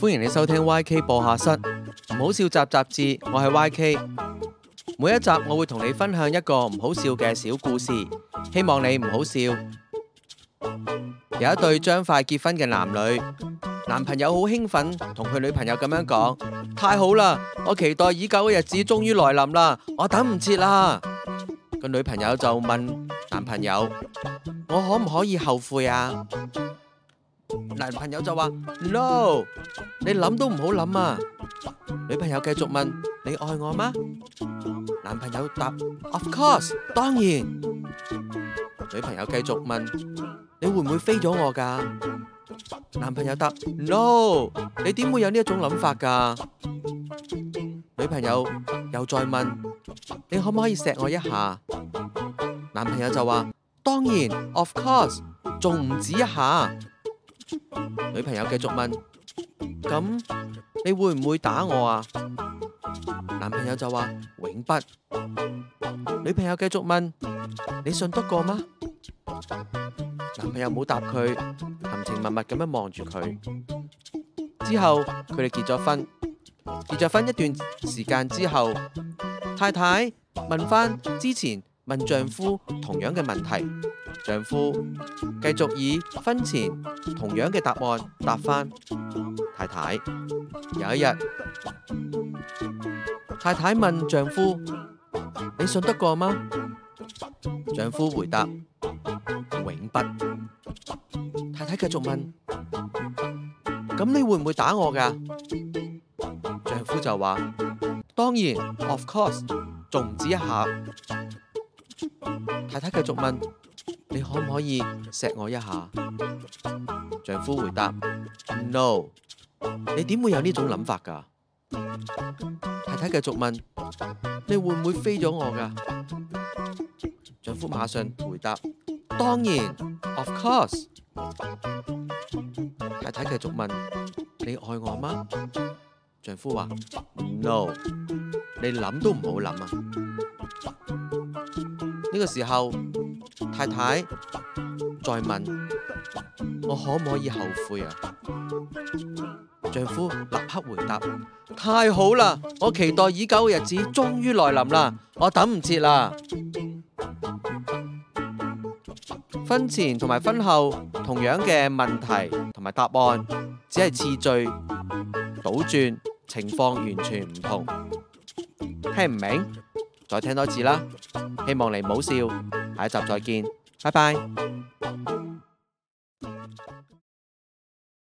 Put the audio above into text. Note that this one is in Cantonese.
歡迎你收聽 YK 播下室，唔好笑集雜誌，我係 YK。每一集我會同你分享一個唔好笑嘅小故事，希望你唔好笑。有一對將快結婚嘅男女，男朋友好興奮，同佢女朋友咁樣講：太好啦，我期待已久嘅日子終於來臨啦，我等唔切啦。個女朋友就問。男朋友，我可唔可以後悔啊？男朋友就話 No，你諗都唔好諗啊！女朋友繼續問，你愛我嗎？男朋友答 Of course，當然。女朋友繼續問，你會唔會飛咗我噶？男朋友答 No，你點會有呢種諗法噶？女朋友又再問，你可唔可以錫我一下？男朋友就話：當然，of course，仲唔止一下。女朋友繼續問：咁你會唔會打我啊？男朋友就話：永不。女朋友繼續問：你信得過嗎？男朋友冇答佢，含情脈脈咁樣望住佢。之後佢哋結咗婚，結咗婚一段時間之後，太太問返之前，問丈夫同樣嘅問題，丈夫繼續以婚前同樣嘅答案答返太太。有一日，太太問丈夫：你信得過嗎？丈夫回答：永不。太太繼續問：咁你會唔會打我㗎？丈夫就話：當然，of course，仲唔止一下。太太繼續問：你可唔可以錫我一下？丈夫回答：No。你點會有呢種諗法噶？太太繼續問：你會唔會飛咗我噶？丈夫馬上回答：當然，of course。太太繼續問：你愛我嗎？丈夫話：No。你諗都唔好諗啊！呢、這個時候，太太再問，我可唔可以後悔啊？丈夫立刻回答：太好啦，我期待已久嘅日子終於來臨啦，我等唔切啦。婚前同埋婚後同樣嘅問題同埋答案，只係次序倒轉，情況完全唔同，聽唔明？再聽多次啦，希望你唔好笑。下一集再見，拜拜。